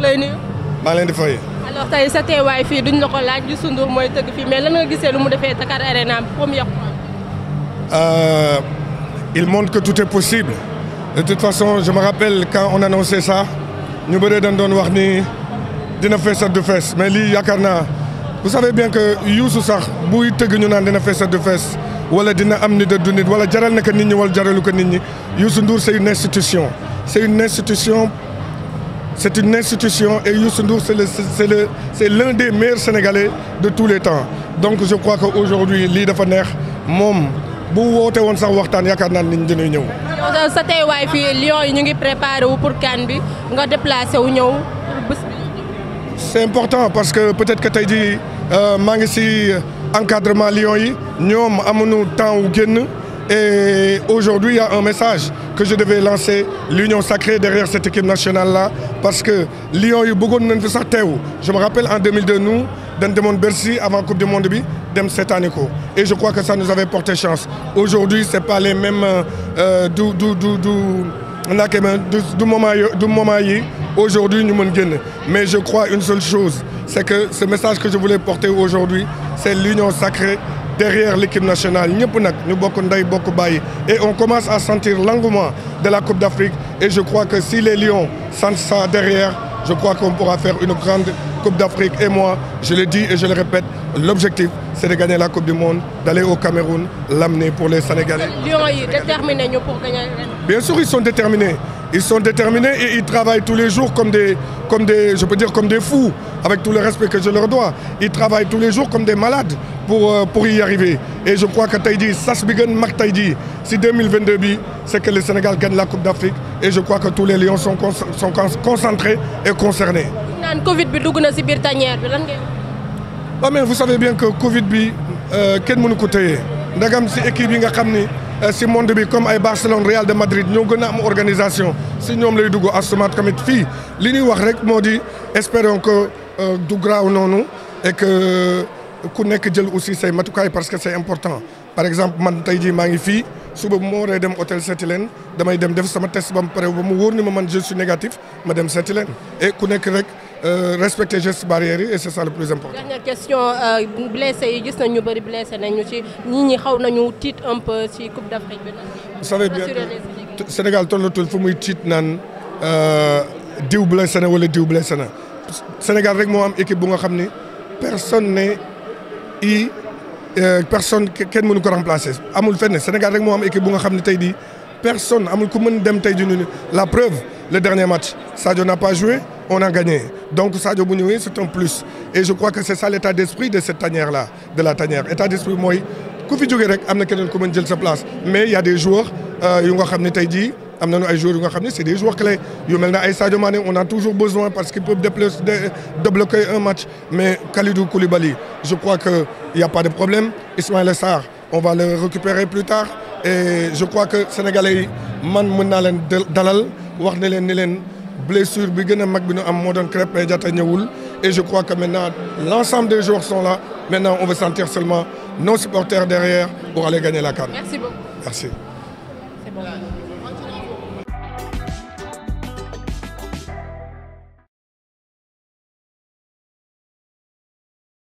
ngi lay nuyu. maa ngi leen di fay. alors tey sa teewaay fii duñ la ko laaj Youssou Ndour mooy tëgg fii mais lan nga gisee lu mu defee Dakar Arena première fois. Euh, il montre que tout est possible de toute façon je me rappelle quand on annonçait ça ñu bëree dañ doon wax ni dina fees ak du fees mais lii yaakaar naa vous savez bien que Youssou sax buy tëgg ñu naan dina fees ak du fees wala dina am nit du nit wala jaral na ko nit ñi wala jaralu ko nit ñi Youssou Ndour c'est une institution c'est une institution. C'est une institution e Youssou Ndour, c'est le des meilleurs Sénégalais de tous les temps. Donc je crois qu'aujourd'hui, lii dafa neex moom bu woote woon sax waxtaan yaakaar naa niñ dinañ ñëw. sa teewaay fii Lions yi ñu ngi préparé wu pour CAN bi nga déplacé wu ñëw bés bi. c'est important parce que peut-être que tey jii euh, maa ngi ci encadrement Lions yi ñoom amuñu temps wu génn. Et aujourd'hui, il y a un message que je devais lancer, l'union sacrée derrière cette équipe nationale-là, parce que Lyon, il y a beaucoup de gens Je me rappelle en 2002, nous, dans le Bercy, avant la Coupe du Monde, cette année. Et je crois que ça nous avait porté chance. Aujourd'hui, ce n'est pas les mêmes... Euh, du, du, du, du, moment, du moment aujourd'hui, nous sommes Mais je crois une seule chose, c'est que ce message que je voulais porter aujourd'hui, c'est l'union sacrée derrière l'équipe nationale ñëpp nag ñu bokk ndey bokk bàyyi et on commence à sentir l'engouement de la Coupe d'Afrique et je crois que si les Lions sentent ça derrière je crois qu'on pourra faire une grande Coupe d'Afrique et moi je le dis et je le répète l'objectif c'est de gagner la Coupe du Monde d'aller au Cameroun l'amener pour les Sénégalais. Lions yi déterminés ñu pour gagner. bien sûr ils sont déterminés. Ils sont déterminés et ils travaillent tous les jours comme des, comme des, je peux dire comme des fous, avec tout le respect que je leur dois. Ils travaillent tous les jours comme des malades pour, euh, pour y arriver. Et je crois que Taïdi, Sasbigen Marc Taïdi, si 2022 c'est que le Sénégal gagne la Coupe d'Afrique. Et je crois que tous les lions sont, con, sont concentrés et concernés. Covid ah, mais vous savez bien que Covid bi, euh, quel monde côté. Nagam si équipe Euh, si monde bi comme ay Barcelone Real de Madrid ñoo gën a am organisation si ñoom lay dugg assurément tamit fii li ñuy wax rek moo di espérons que euh, du graaw noonu et que euh, ku nekk jël aussi say matukaay parce que c'est important par exemple man tey jii maa ngi fii suba bu ma waree dem hôtel seeti leen damay dem def sama test ba mu pare ba mu wóor ni ma man je suis négatif ma dem seeti leen et ku nekk rek. Euh, respecter gestes barrières yi et c'est ça le plus important. question euh, blessé yi gis nañu ñu bëri blessé nañu ci ñi xaw nañu tiit un peu ci Coupe d'Afrique bi. vous Sénégal tollatul fu muy tiit naan euh, diw blessé na wala diw blessé na Sénégal rek moo am équipe bu nga xam ni personne ne i euh, personne kenn mënu ko remplacer amul fenn Sénégal rek moo am équipe bu nga xam ni tey di personne amul ku mën dem tey di ñu la preuve le dernier match Sadio n'a pas joué. on a gagné. Donc Sadio Bounioui, c'est un je crois que c'est ça l'état d'esprit de cette tanière-là, de la tanière. État d'esprit, moi, Koufi Djogerek, amène quelqu'un qui a sa place. Mais il y a des joueurs, ils ont dit, am nañu ay joueurs yu nga xam ne c'est des joueurs clés yu mel ne ay Sadio Mané on a toujours besoin parce qu'ils peuvent débloquer un match mais Kalidou Koulibaly je crois que il y a pas de problème Ismaïla Sarr on va le récupérer que sénégalais man mën naa leen dalal wax ne blessure bi gën a mag bi ñu am moo doon Krépin Diatta ñëwul et je crois que maintenant l'ensemble des joueurs sont là maintenant on veut sentir seulement nos supporters derrière pour aller gagner la CAN.